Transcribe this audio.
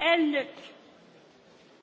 Elnök!